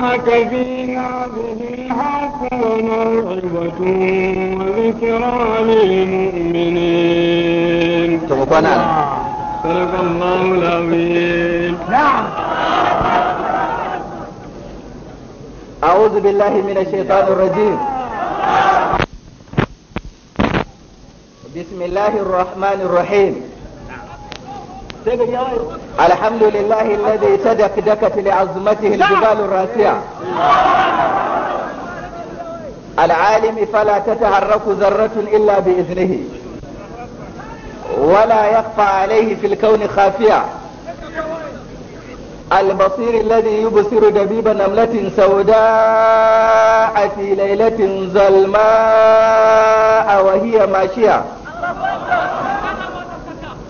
جاءك به الحق وموعظة وذكرى للمؤمنين صدق الله العظيم نعم أعوذ بالله من الشيطان الرجيم بسم الله الرحمن الرحيم الحمد لله الذي دكت لعظمته الجبال الراسية العالم فلا تتحرك ذرة إلا بإذنه ولا يخفى عليه في الكون خافية البصير الذي يبصر دبيب نملة سوداء في ليلة ظلماء وهي ماشية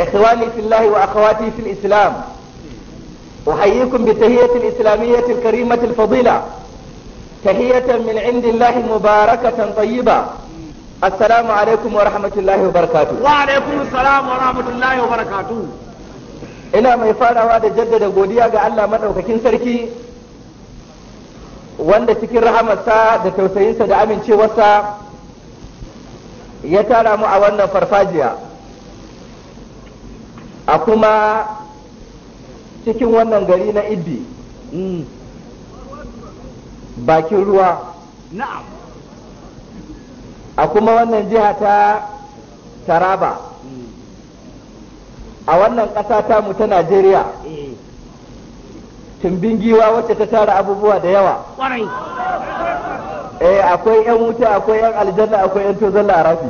إخواني في الله وأخواتي في الإسلام أحييكم بتهية الإسلامية الكريمة الفضيلة تهية من عند الله مباركة طيبة السلام عليكم ورحمة الله وبركاته وعليكم السلام ورحمة الله وبركاته ina ما يفعل هذا jaddada godiya ga Allah maɗaukakin sarki wanda cikin rahamarsa da tausayinsa da amincewarsa ya tara mu a wannan farfajiya a kuma cikin wannan gari na ibi mm, bakin ruwa na'am a kuma wannan jiha ta taraba mm, a wannan ƙasa ta ta najeriya eh. tumbin giwa wacce ta tara abubuwa da yawa eh akwai yan wuta akwai yan aljanna akwai yan tozon larafi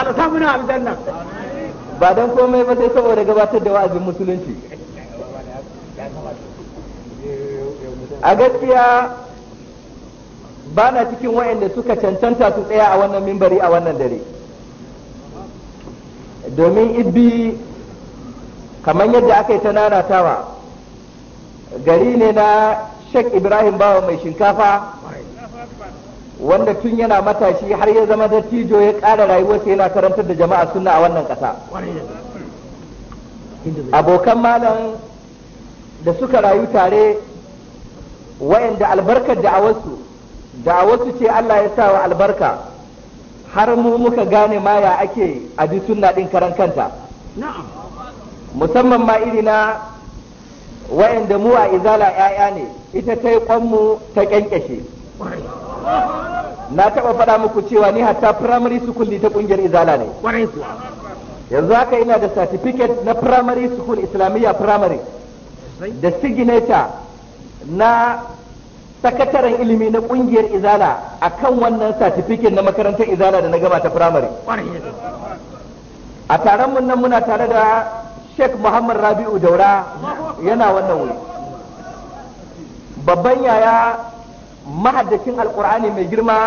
a samu aljanna ba don komai ba sai saboda gabatar da wa'azin musulunci a gaskiya ba na cikin waɗanda suka cancanta su tsaya a wannan mimbari a wannan dare domin ibi kamar yadda aka yi ta nanatawa gari ne na shek ibrahim bawa mai shinkafa wanda tun yana matashi har ya zama dattijo ya ƙara rayuwarsa yana karantar da jama'a suna a wannan ƙasa abokan malam da suka rayu tare wayanda albarkar da'awarsu da'awarsu ce Allah ya sa wa albarka har mu muka gane ma ya ake a ji sunna ɗin karan kanta musamman ma iri na wayanda mu a izala 'ya'ya ne ita ta yi kwanmu ta ƙyanƙyashe na taɓa faɗa muku cewa ni hatta primary school ta ƙungiyar izala ne yanzu haka ina da certificate na primary school islamiyya primary da signature na sakataren ilimi na ƙungiyar izala a kan wannan certificate na makarantar izala da na gama ta primary a taron mun nan muna tare da sheikh muhammad rabi'u daura yana wannan wuri babban yaya mahaddacin alkur'ani mai girma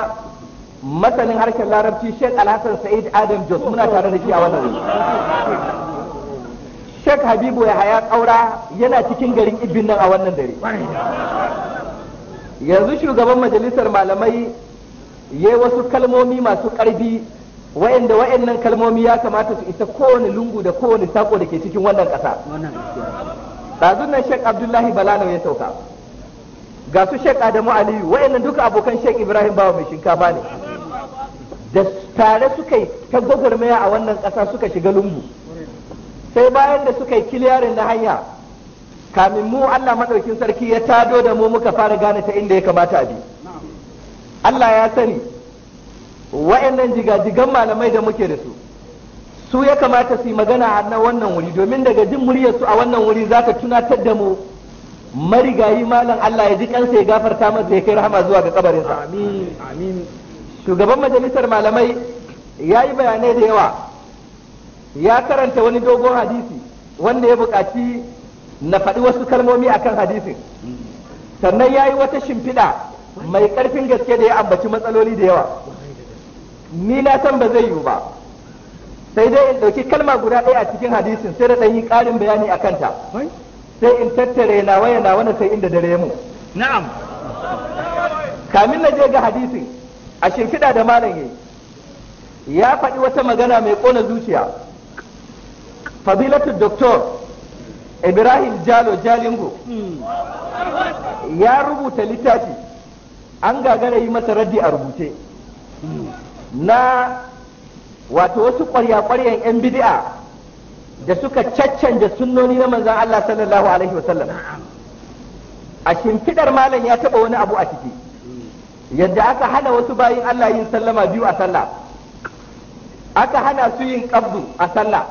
masanin harshen larabci shek alhassan sa'id adam jos muna tare da shi a wannan shek habibu ya haya kaura yana cikin garin ibin nan a wannan dare yanzu shugaban majalisar malamai ya wasu kalmomi masu ƙarfi wa'anda wa'annan kalmomi ya kamata su isa kowane lungu da kowane sako da ke cikin wannan ƙasa ɗazun nan sheikh abdullahi balanau ya sauka ga su shek Adamu Aliyu wayannan duka abokan Sheikh Ibrahim Bawa mai shinkafa ne da tare suka yi ta gwagwarmaya a wannan ƙasa suka shiga lungu sai bayan da suka yi kiliyarin na hanya kamin mu Allah maɗaukin sarki ya tado da mu muka fara gane ta inda ya kamata a bi Allah ya sani wayannan jigajigan malamai da muke da su su ya kamata su yi magana a wannan wuri domin daga jin muryarsu a wannan wuri za ka tunatar da mu marigayi malam Allah ya ji kansa ya gafarta masa ya kai rahama zuwa ga kabarinsa amin shugaban majalisar malamai ya yi bayanai da yawa ya karanta wani dogon hadisi wanda ya buƙaci na faɗi wasu kalmomi akan hadisin sannan ya yi wata shimfiɗa mai ƙarfin gaske da ya ambaci matsaloli da yawa ni na san ba zai yiwu ba sai dai in ɗauki kalma guda ɗaya a cikin hadisin sai da ɗan yi ƙarin bayani a kanta sai in tattare na waya na wani sai inda dare mu na'am kamin na je ga hadisin a shimfiɗa da malam yayi ya faɗi wata magana mai ƙona zuciya fabilatu doktor ibrahim jalo jalingo ya rubuta littafi an gagara yi masa raddi a rubuce na wato wasu ƙwarya-ƙwaryan 'yan bidi'a da suka caccanja sunnoni na manzan Allah sallallahu alaihi wasallam a shimfidar malam ya taɓa wani abu a ciki yadda aka hana wasu bayin Allah yin sallama biyu a sallah aka hana su yin qabdu a sallah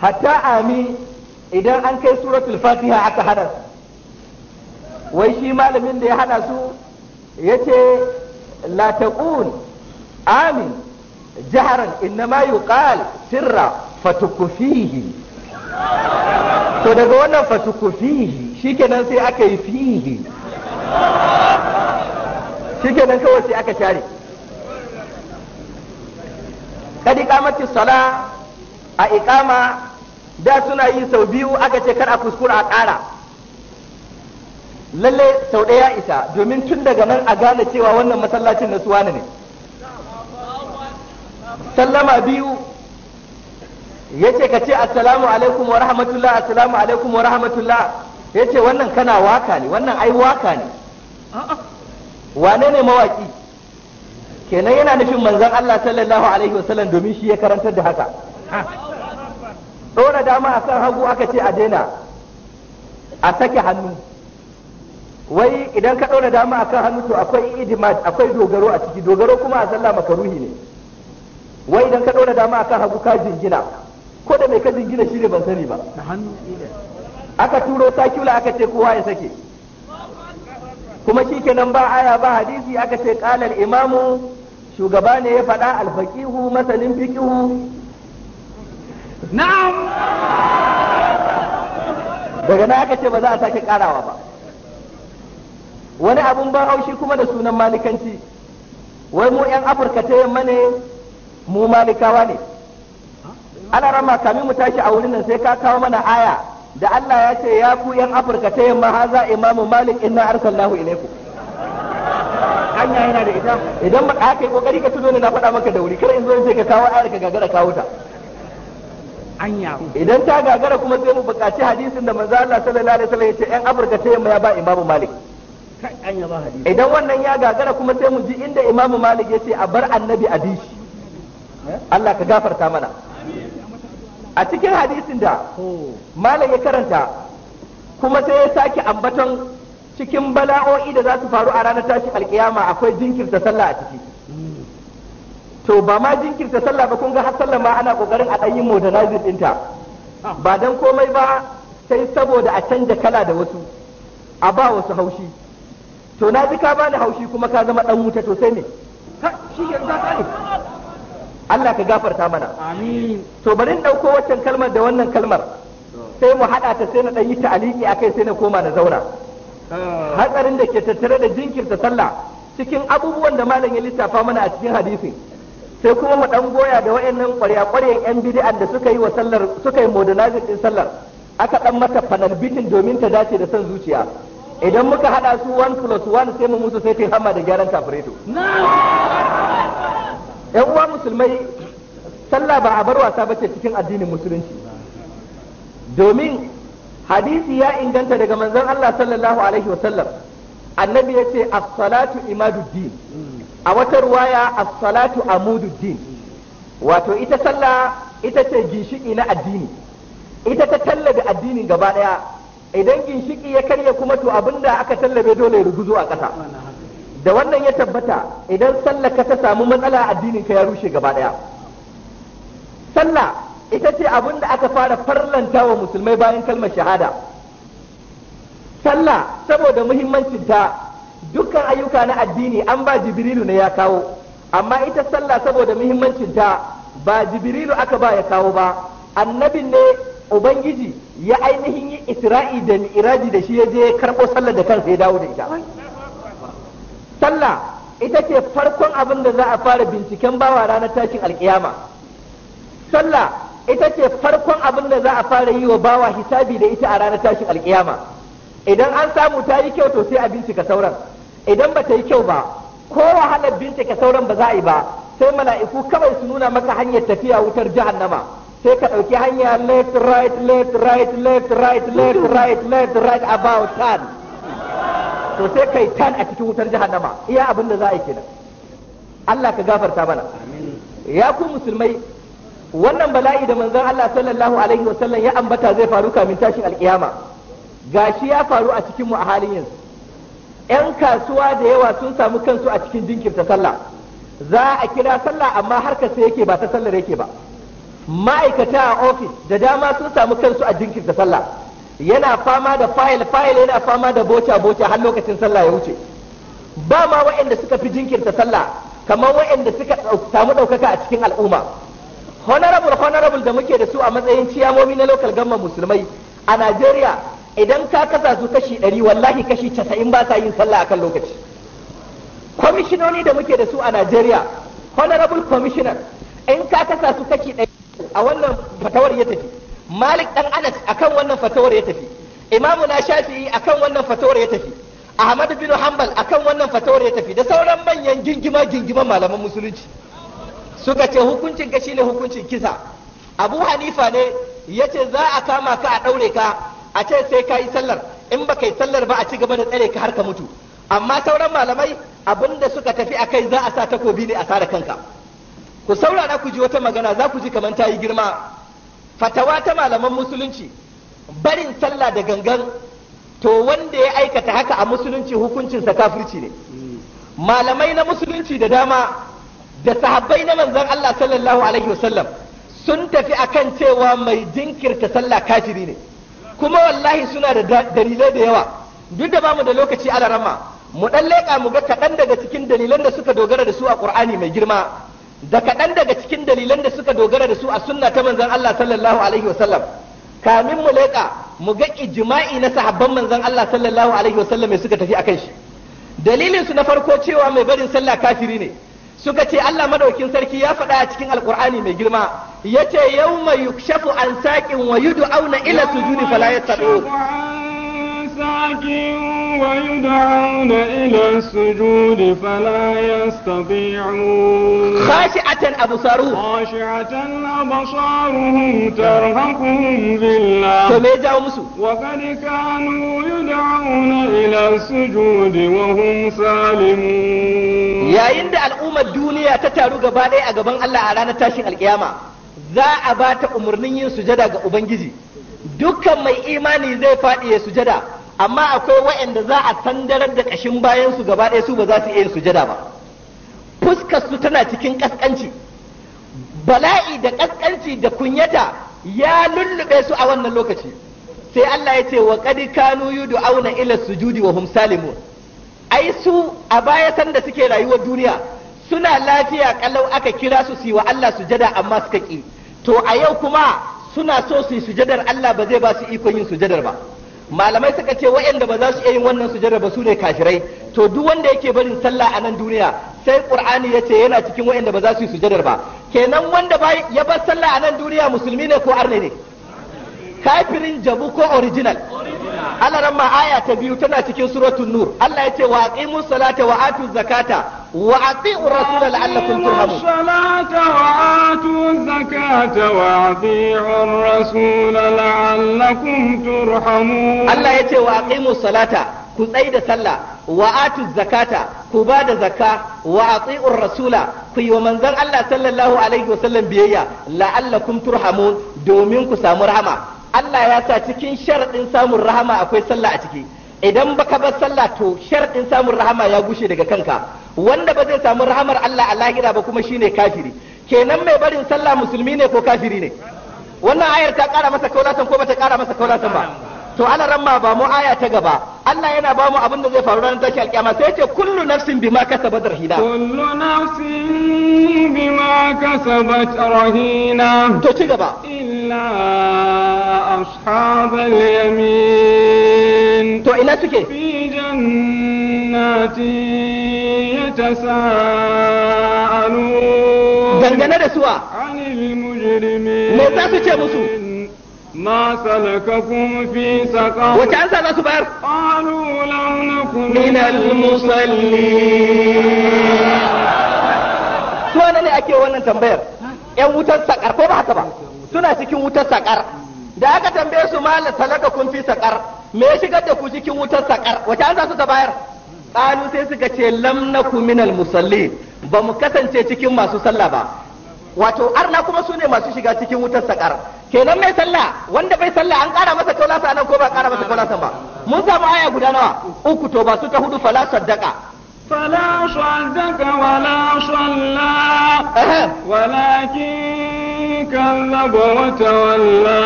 hatta ami idan an kai suratul fatiha aka hana su wai shi malamin da ya hana su yace la taqul amin jaharan innama yuqal sirra fatukufihi to daga wannan fatukufihi shikenan sai aka yi fihi shikenan kawai sai aka share kadi kamati sala a ikama da suna yi sau biyu aka ce kar a kuskura a ƙara lalle sau ɗaya isa domin tun daga nan a gane cewa wannan masallacin na suwana ne sallama biyu yace ka ce assalamu alaikum wa rahmatullah assalamu alaikum wa rahmatullah yace wannan kana waka ne wannan ai waka ne wane ne mawaki kenan yana nufin manzon Allah sallallahu alaihi wasallam domin shi ya karantar da haka dora dama a kan hagu aka ce a daina a sake hannu wai idan ka dora dama akan hannu to akwai idimat akwai dogaro a ciki dogaro kuma a sallah makaruhi ne wai idan ka dora dama akan hagu ka jingina ko da mai ka gina shi ne ban sani ba aka turo sakula aka ce kowa ya sake kuma shi kenan ba aya ba hadisi aka ce kalar imamu shugaba ne ya faɗa alfaƙihu masanin fiƙihu na'am daga na aka ce ba za a sake karawa ba wani abun ban haushi kuma da sunan malikanci wai mu 'yan afirka ta yamma ne mu malikawa ne ana rama kamin mu tashi a wurin nan sai ka kawo mana aya da Allah ya ce ya ku yan Afirka ta yamma haza imamu Malik inna arsalnahu ilaikum hanya yana da ita idan ba aka yi kokari ka tuno ne na faɗa maka da wuri kar in zo sai ka kawo aya ka gagara kawo ta anya idan ta gagara kuma sai mu buƙaci hadisin da manzo Allah sallallahu alaihi wasallam ya ce yan Afirka ta yamma ya ba imamu Malik idan wannan ya gagara kuma sai mu ji inda imamu malik ya ce a bar annabi a bishi eh? Allah ka gafarta mana a cikin hadisin da malam ya karanta kuma sai ya sake ambaton cikin bala'o'i da za su faru a ranar tashi alkiyama akwai jinkirta sallah a ciki to ba ma jinkirta sallah ba kun ga har sallah ma ana kokarin a ɗan yi modernizing ɗinta ba dan komai ba sai saboda a canja kala da wasu a ba wasu haushi to na ji ka bani haushi kuma ka zama ɗan wuta to sai ne shi ne Allah ka gafarta mana to bari ɗauko waccan kalmar da wannan kalmar sai mu haɗa ta sai na ɗan yi a kai sai na koma na zauna ah. hatsarin da ke tattare da jinkirta sallah cikin abubuwan da malam ya lissafa mana a cikin hadisi sai kuma mu ɗan goya da wayannan ƙwarya ƙwaryan yan bidi'an da suka yi wa sallar suka yi modernizing ɗin sallar aka ɗan mata fanal bitin domin ta dace da son zuciya idan muka haɗa su 1 plus 1 sai mu musu sai ta hama da gyaran kafireto yan uwa musulmai sallah ba a bar wasa ba ce cikin addinin musulunci domin hadisi ya inganta daga manzan Allah sallallahu alaihi wasallam annabi yace as-salatu imaduddin a wata ruwaya as-salatu amududdin wato ita sallah ita ce ginshiki na addini ita ta tallabe addinin gaba daya idan ginshiki ya karya kuma to abinda aka tallabe dole ya ruguzo a ƙasa da wannan ya tabbata idan ka ta samu matsala addinin ka ya rushe gaba daya sallah ita ce abin da aka fara farlanta wa musulmai bayan kalmar shahada sallah saboda muhimmancin ta dukkan ayyuka na addini an ba jibrilu ne ya kawo amma ita sallah saboda muhimmancin ta ba jibrilu aka ba ya kawo ba annabi ne ubangiji ya ainihin yi isra'i da mi'raji da shi ya je karɓo sallah da kansa ya dawo da ita sallah ita ce farkon abin da za a fara binciken bawa ranar tashin alkiyama sallah ita ce farkon abin da za a fara yi wa bawa hisabi da ita a ranar tashin alkiyama idan an samu ta yi kyau to sai a bincika sauran idan ba ta yi kyau ba ko wahalar bincika sauran ba za a yi ba sai mala'iku kawai su nuna maka hanyar tafiya wutar jahannama sai ka ɗauki hanya left right left right left right left right left right about time to sai kai tan a cikin wutar jahannama iya abin da za a yi kenan Allah ka gafarta mana ya ku musulmai wannan bala'i da manzon Allah sallallahu alaihi wa sallam ya ambata zai faru kamin tashin alkiyama gashi ya faru a cikin mu a halin yanzu yan kasuwa da yawa sun samu kansu a cikin jinkirta sallah za a kira sallah amma harkar sai yake ba ta sallar yake ba ma'aikata a ofis da dama sun samu kansu a jinkirta sallah yana fama da fayil fayil yana fama da boca boca har lokacin sallah ya wuce ba ma waɗanda suka fi jinkirta sallah kamar waɗanda suka samu ɗaukaka a cikin al'umma honorable honorable da muke da su a matsayin ciyamomi na local gamma musulmai a Najeriya idan ka kasa su kashi ɗari wallahi kashi casa'in ba sa yin sallah akan lokaci kwamishinoni da muke da su a Najeriya honorable commissioner in ka kasa su kashi ɗari a wannan fatawar ya tafi malik dan anas akan wannan fatawar ya tafi imamu na shafi'i akan wannan fatawar ya tafi ahmad bin hanbal akan wannan fatawar ya tafi da sauran manyan gingima gingima malaman musulunci suka ce hukuncin ka shine hukuncin kisa abu hanifa ne yace za a kama ka a ɗaure ka a ce sai ka sallar in ba yi sallar ba a ci gaba da tsare ka har ka mutu amma sauran malamai abinda suka tafi a kai za a sa takobi ne a sare kanka ku saurara ku ji wata magana za ku ji kamar ta yi girma fatawa ta malaman musulunci barin sallah da gangan to wanda ya aikata haka a musulunci hukuncinsa kafirci ne malamai na musulunci da dama da sahabbai na manzon Allah sallallahu alaihi wasallam sun tafi akan cewa mai jinkirta sallah kafiri ne kuma wallahi suna da dalilai da yawa duk da bamu da lokaci alarama mu dan leƙa mu ga kaɗan daga cikin dalilan da suka dogara da su a ƙur'ani mai girma da kaɗan daga cikin dalilan da suka dogara da su a sunna ta manzon Allah sallallahu alaihi wasallam kamin mu leƙa mu ga ijma'i na sahabban manzon Allah sallallahu alaihi wasallam mai suka tafi akan shi dalilin su na farko cewa mai barin sallah kafiri ne suka ce Allah madaukin sarki ya faɗa a cikin alkur'ani mai girma yace yawma yukshafu an saqin wa yud'auna ila sujudi fala yastadu إمساك ويدعون إلى السجود فلا يستطيعون خاشعة أبصارهم خاشعة أبصارهم ترهقهم ذلة وقد كانوا يدعون إلى السجود وهم سالمون يا عند الأمة الدنيا تتارو قبالي أقبان الله على نتاشي القيامة za a ba ta umarnin yin sujada ga Ubangiji, dukkan mai imani zai faɗi ya sujada, amma akwai waɗanda za a sandarar da ƙashin bayan su gaba ɗaya su ba za su iya sujada ba fuskar su tana cikin ƙasƙanci bala'i da ƙasƙanci da kunyata ya lullube su a wannan lokaci sai Allah ya ce wa qad kanu yud'auna ila sujudi wa hum salimun ai su a baya sanda suke rayuwar duniya suna lafiya kalau aka kira su su yi wa Allah sujada amma suka ki to a yau kuma suna so su yi sujadar Allah ba zai ba su ikon yin sujadar ba malamai suka ce waɗanda ba za su iya yin wannan sujada ba su ne kafirai to duk wanda yake barin sallah a nan duniya sai qur'ani ya ce yana cikin waɗanda ba za su yi sujadar ba kenan wanda ba ya bar sallah a nan duniya musulmi ne ko arne ne kafirin jabu ko original alaran ma aya ta biyu tana cikin suratul nur Allah yace wa aqimus salata wa atuz zakata wa atiur rasul la'allakum turhamun salata wa atuz zakata wa atiur rasul la'allakum turhamun Allah yace wa aqimus salata ku tsai da sallah wa atuz zakata ku ba da zakka wa atiur rasula ku yi wa manzon Allah sallallahu alaihi wasallam biyayya la'allakum turhamun domin ku samu rahama Allah ya sa cikin sharaɗin samun rahama akwai sallah a ciki idan baka bar sallah to sharaɗin samun rahama ya gushe daga kanka wanda ba zai samu rahamar Allah a lahira ba kuma shi ne kafiri kenan mai barin sallah musulmi ne ko kafiri ne wannan ayar ta ƙara masa kaulatan ko bata ƙara masa kaulatan ba to ala ramma ba mu aya ta gaba Allah yana ba mu abin da zai faru ranar tashi alƙiyama sai ce kullu nafsin bima kasabat rahina kullu nafsin bima kasabat rahina to ci gaba illa أصحاب اليمين تو إلى سكي في جنات يتساءلون دنجنا رسوا عن المجرمين موتا سكي مسو ما سلككم في سقر وكان سبع سبار قالوا لم نكن من المصلين سوانا ne ake wannan tambayar 'yan wutar sakar ko ba haka ba suna cikin wutar sakar da aka tambaye su ma salaka kun fi saƙar me ya shigar da ku cikin wutar saƙar wace an ta bayar qalu sai suka ce lam naku minal musallin ba mu kasance cikin masu sallah ba wato arna kuma su ne masu shiga cikin wutar saƙar kenan mai sallah wanda bai sallah an ƙara masa kaulasa nan ko ba ƙara masa kaulasa ba mun samu aya guda nawa uku to ba su ta hudu fala saddaka fala صدق wala صلى walakin كذب وتولى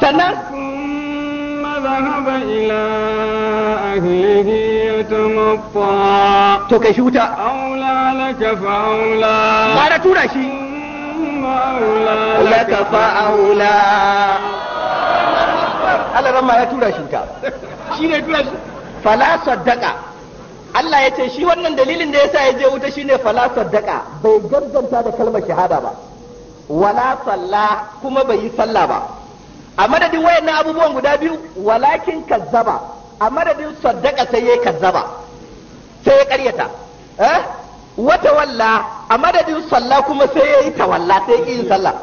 سنة ثم ذهب إلى أهله يتمطى تو كيشوتا أولى لك فأولى ما نتونا شيء أولى لك فأولى Allah ran ma ya tura shi ka shi ne tura shi fala saddaka Allah ya ce shi wannan dalilin da yasa ya je wuta shine fala saddaka bai gagganta da kalmar shahada ba wala salla kuma bai yi sallah ba a madadin wayannan abubuwan guda biyu walakin kazzaba a madadin saddaka sai yayi kazzaba sai ya karyata eh wata walla a madadin sallah kuma sai yayi tawalla sai ya yin sallah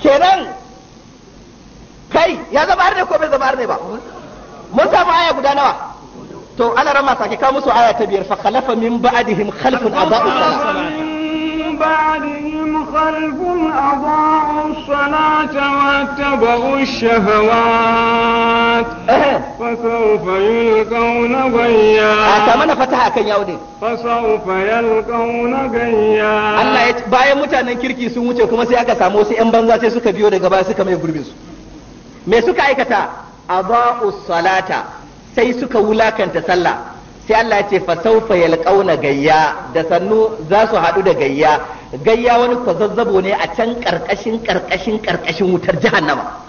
kenan kai ya zama har ne ko bai zama har ne ba mun samu aya guda nawa to ana rama sake kawo musu aya ta biyar fa khalafa min ba'dihim khalfun aba'u sallah بعدهم خلف أضاعوا الصلاة واتبعوا الشهوات فسوف يلقون غيا أتمنى فتح أكن يودي فسوف يلقون غيا الله يتبايا متانا كيركي سموتي وكما سيأكا ساموسي أنبانزا سيسوكا بيودي غبا سيكا ميبربيسو me suka aikata a ba'u salata sai suka wulakanta sai Allah ya ce fa saufa yalqauna gayya da sannu za su haɗu da gayya gayya wani kwazazzabo ne a can karkashin karkashin karkashin wutar jahannama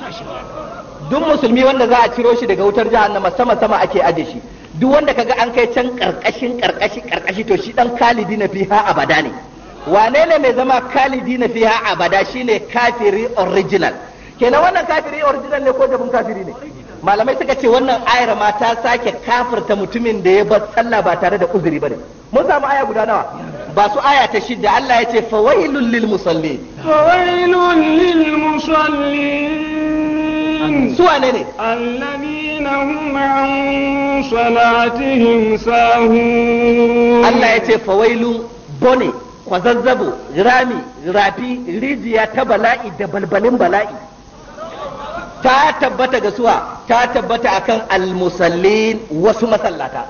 duk musulmi wanda za a ciro shi daga wutar jahannama sama sama ake aje shi duk wanda kaga an kai can karkashin karkashi karkashi to shi dan kalidi na fiha abada ne wane ne mai zama kalidi na fiha abada shine kafiri original kenan wannan kafiri original ne ko jabin kafiri ne malamai suka ce wannan ayar ma ta sake kafirta mutumin da ya bar sallah ba tare da uzuri bane mun samu aya guda nawa ba su aya ta shidda Allah ya ce fawailul lil musalli fawailul lil musalli su wane ne alladina hum an salatihim sahun Allah ya ce fawailu bone kwazazzabo rami rafi rijiya ta bala'i da balbalin bala'i ta tabbata ga suwa ta tabbata akan almusallin wasu masallata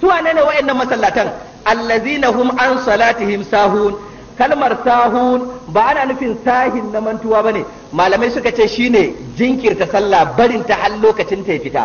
su wane ne wa'annan masallatan allazina hum an salatihim sahun kalmar sahun ba ana nufin sahin na mantuwa bane malamai suka ce shine jinkirta sallah barin ta har lokacin ta fita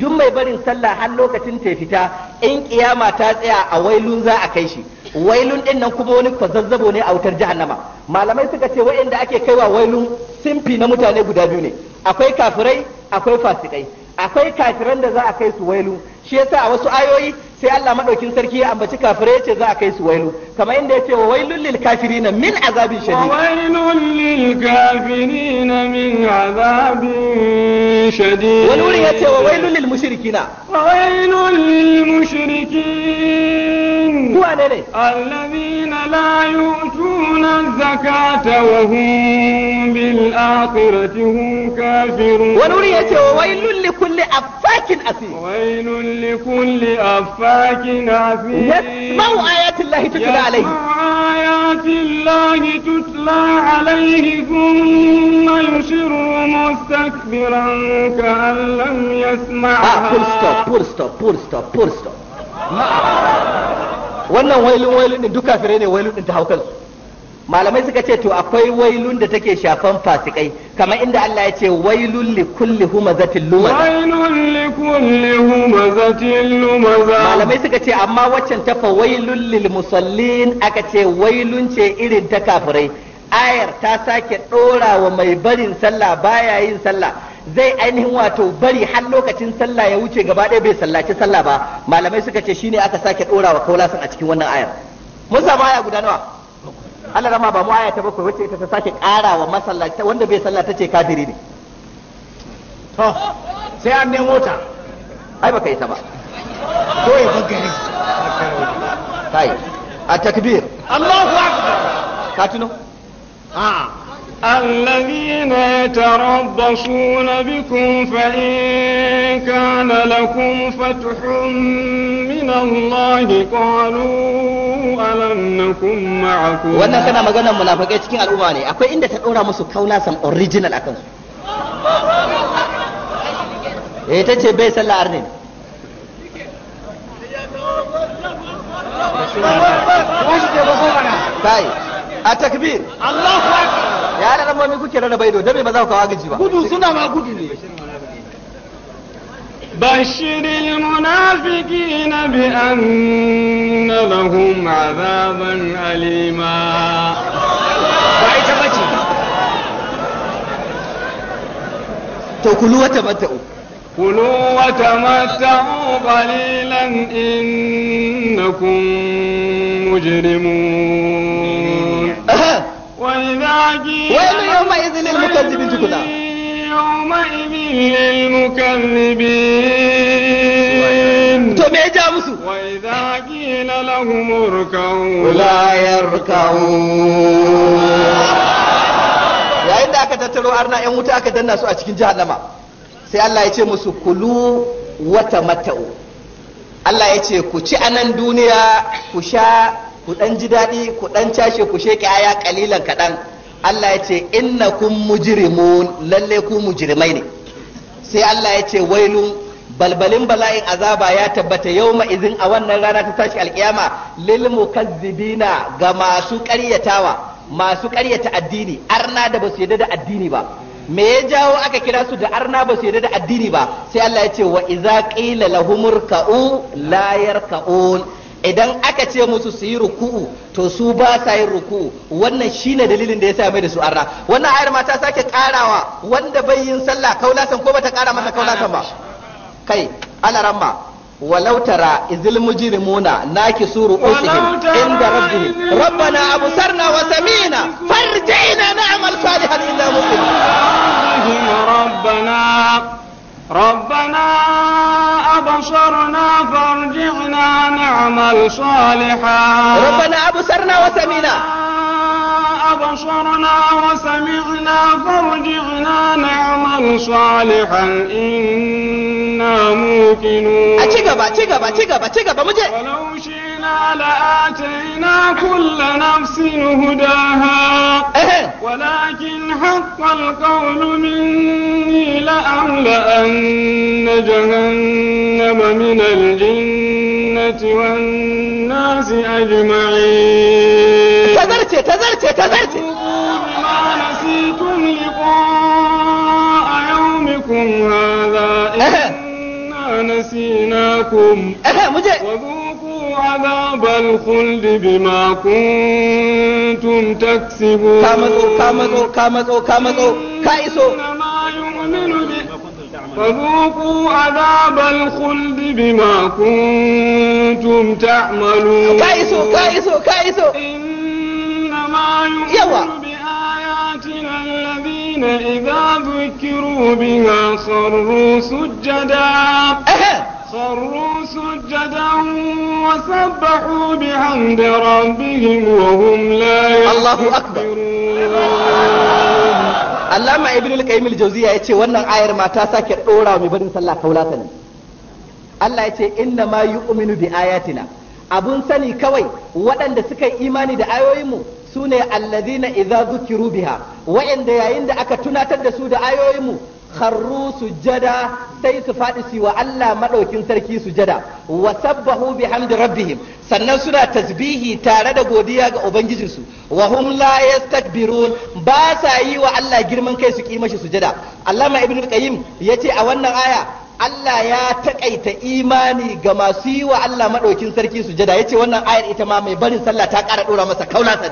duk mai barin sallah har lokacin ta fita in kiyama ta tsaya a wailun za a kai shi wailun din nan kuma wani kwazazzabo ne a wutar jahannama malamai suka ce wa'inda ake kaiwa wailun simfi na mutane guda biyu ne akwai kafirai akwai fasikai akwai kafiran da za a kai su wailu shi yasa a wasu ayoyi sai Allah madaukin sarki ya ambaci kafirai yace za a kai su wailu kamar inda yace wa wailul lil kafirina min azabin shadid wailul lil kafirina min azabin shadid wani wurin yace wa wailul lil mushrikina wailul lil mushrikina الذين لا يؤتون الزكاة وهم بالآخرة هم كافرون ونري ويل لكل أفاك أثيم ويل لكل أفاك أثيم يسمعوا آيات الله تتلى عليه آيات الله تتلى عليه ثم يشر مستكبرا كأن لم يسمعها آه, pull stop, pull stop, pull stop, pull stop. آه. wannan wailun wailun din duka fire ne wailun din ta haukan su malamai suka ce to akwai wailun da take shafan fasikai kamar inda Allah ya ce wailun li kulli humazatin lumaza wailun li kulli humazatin lumaza malamai suka ce amma waccan ta fa wailun lil musallin aka ce wailun ce irin ta kafirai ayar ta sake dora wa mai barin sallah baya yin sallah zai ainihin wato bari har lokacin sallah ya wuce gaba ɗaya bai sallaci sallah ba malamai suka ce shine aka sake ɗora wa kaulasan a cikin wannan ayar mun samu aya guda nawa Allah rama ba mu aya ta bakwai wacce ita ta sake ƙara wa masallaci wanda bai sallah ta ce kafiri ne to sai an nemo ta ai baka yi ta ba ko ya bagare kai a takbir Allahu akbar ka tuno a'a الذين يتربصون بكم فإن كان لكم فتح من الله قالوا ألم نكن معكم wannan kana maganar munafikai cikin al'umma ne akwai inda ta dora musu kauna sam original akan su eh tace bai sallah arne kai a takbir ya da ramomi kuke rarraba ido dabe ba za ku kawo agaji ba gudu suna ma gudu ne بشر المنافقين بأن لهم عذابا أليما كلوا وتمتعوا كلوا وتمتعوا قليلا إنكم مجرمون والباقيات ويل يومئذ للمكذبين تكنا يومئذ للمكذبين وإذا قيل لهم اركعوا لا يركعون yayin da aka tattaro arna yan wuta aka danna su a cikin jahannama sai Allah ya ce musu kulu wata mata'u Allah ya ce ku ci anan duniya ku sha ku dan ji daɗi ku dan cashe ku sheke aya kalilan kaɗan Allah ya ce innakum mujrimun lalle ku mujrimai ne sai Allah ya ce wailun balbalin bala'in azaba ya tabbata yauma izin a wannan rana ta tashi alkiyama lil mukazzibina ga masu ƙaryatawa masu ƙaryata addini arna da basu yarda da addini ba me ya jawo aka kira su da arna basu yarda da addini ba sai Allah ya ce wa iza qila lahumur ka'u la yarka'un idan aka ce musu su yi ruku'u to su ba sa yin ruku'u wannan shine dalilin da ya sa mai da su arra wannan ayar ma ta sake karawa wanda bai yin sallah kaulasan ko bata kara masa kaulasan ba kai alaramma ولو ترى إذ المجرمون ناكسوا رؤوسهم عند ربهم wa samina, وسمينا فارجعنا نعمل صالحا إلا مسلمين rabbana ربنا أبصرنا فارجعنا نعمل صالحا ربنا أبصرنا وسمعنا أبصرنا وسمعنا فارجعنا نعمل صالحا إنا موقنون أتشيغبا تشيغبا تشيغبا تشيغبا مجي ولو شئنا لآتينا كل نفس هداها ولكن حق القول منا لأملأن جهنم من الجنة والناس أجمعين تذرتي تذرتي تذرتي بما نسيتم لقاء يومكم هذا إنا نسيناكم وذوقوا عذاب الخلد بما كنتم تكسبون كامتو كامتو كامتو كامتو كايسو فذوقوا عذاب الخلد بما كنتم تعملون كايسو كايسو كايسو إنما يؤمن بآياتنا الذين إذا ذكروا بها خروا سجدا خروا سجدا وسبحوا بحمد ربهم وهم لا يكبرون الله أكبر Allama Ibn al-Qayyim al-Jawziya yace wannan ayar ma ta sake dora mai barin sallah kaulata ne Allah yace inna ma yu'minu bi ayatina abun sani kawai waɗanda suka yi imani da ayoyinmu sune allazina idza zukiru biha wa'anda yayin da aka tunatar da su da ayoyinmu kharru sujada sai su faɗi su wa Allah maɗaukin sarki sujada wa sabbahu bihamdi rabbihim sannan suna tasbihi tare da godiya ga ubangijinsu wa hum la yastakbirun ba sa yi wa Allah girman kai su kima shi sujada Allama Ibn Qayyim yace a wannan aya Allah ya takaita imani ga masu yi wa Allah maɗaukin sarki sujada yace wannan ayar ita ma mai barin sallah ta kara ɗora masa kaula ne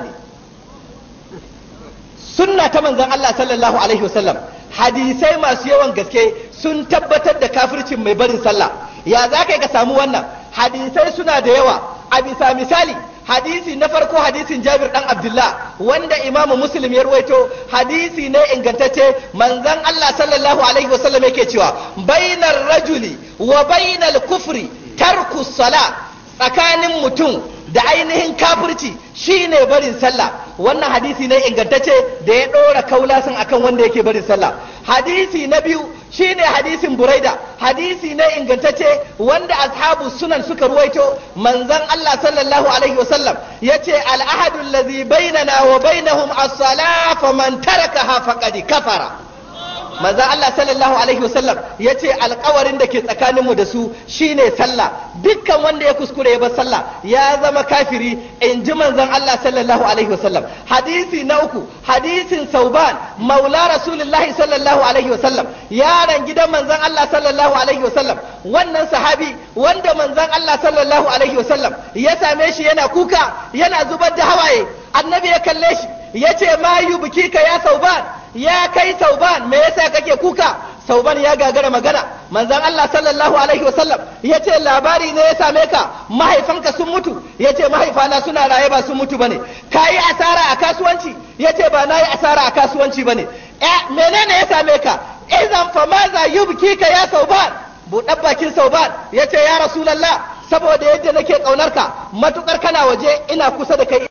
sunna ta manzon Allah sallallahu alaihi wasallam hadisai masu yawan gaske sun tabbatar da kafircin mai barin sallah ya za ka ka samu wannan hadisai suna da yawa a bisa misali hadisi na farko hadisin jabir dan abdullah wanda imamu muslim ya ruwaito hadisi ne ingantacce manzan allah sallallahu alaihi wasallam yake cewa bainar rajuli wa bainal kufri tarku sala tsakanin mutum da ainihin kafirci shine barin sallah wannan hadisi ne ingantacce da ya ɗora kaulasin akan wanda yake barin sallah hadisi na biyu shine hadisin buraida hadisi ne ingantacce wanda ashabu sunan suka ruwaito manzon Allah sallallahu alaihi wasallam yace al ahadu allazi bainana wa bainahum as-salah faman tarakaha faqad kafara manzo Allah sallallahu alaihi wasallam alƙawarin da ke tsakaninmu da su shine sallah dukkan wanda ya kuskure ya bar sallah ya zama kafiri in ji manzon Allah sallallahu alaihi wasallam hadisi na uku hadisin sauban maula rasulullahi sallallahu alaihi wasallam yaron gidan manzon Allah sallallahu alaihi wasallam wannan sahabi wanda manzon Allah sallallahu alaihi wasallam ya same shi yana kuka yana zubar da hawaye annabi ya kalle shi Ya ce ma ka ya sauban ya kai sauban me yasa kake kuka sauban ya gagara magana manzan Allah sallallahu alaihi wasallam yace labari ne ya same ka mahaifanka sun mutu yace mahaifana suna raye ba sun mutu bane yi asara a kasuwanci yace ba yi asara a kasuwanci bane eh, menene ya same ka idan fa maza ka ya sauban buɗar bakin sauban yace ya rasulallah saboda yadda nake ƙaunarka matukar kana waje ina kusa da kai